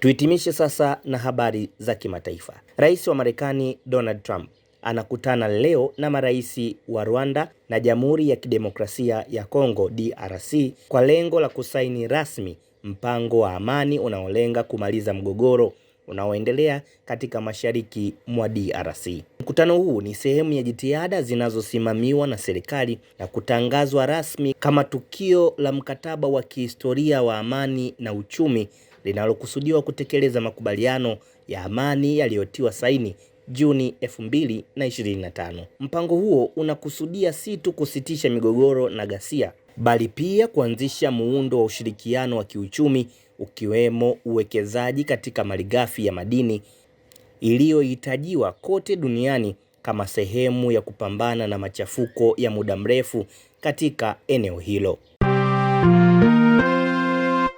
Tuhitimishe sasa na habari za kimataifa. Rais wa Marekani Donald Trump anakutana leo na marais wa Rwanda na Jamhuri ya Kidemokrasia ya Kongo DRC kwa lengo la kusaini rasmi mpango wa amani unaolenga kumaliza mgogoro unaoendelea katika mashariki mwa DRC. Mkutano huu ni sehemu ya jitihada zinazosimamiwa na serikali na kutangazwa rasmi kama tukio la mkataba wa kihistoria wa amani na uchumi linalokusudiwa kutekeleza makubaliano ya amani yaliyotiwa saini Juni 2025. Mpango huo unakusudia si tu kusitisha migogoro na ghasia, bali pia kuanzisha muundo wa ushirikiano wa kiuchumi ukiwemo uwekezaji katika malighafi ya madini iliyohitajiwa kote duniani kama sehemu ya kupambana na machafuko ya muda mrefu katika eneo hilo.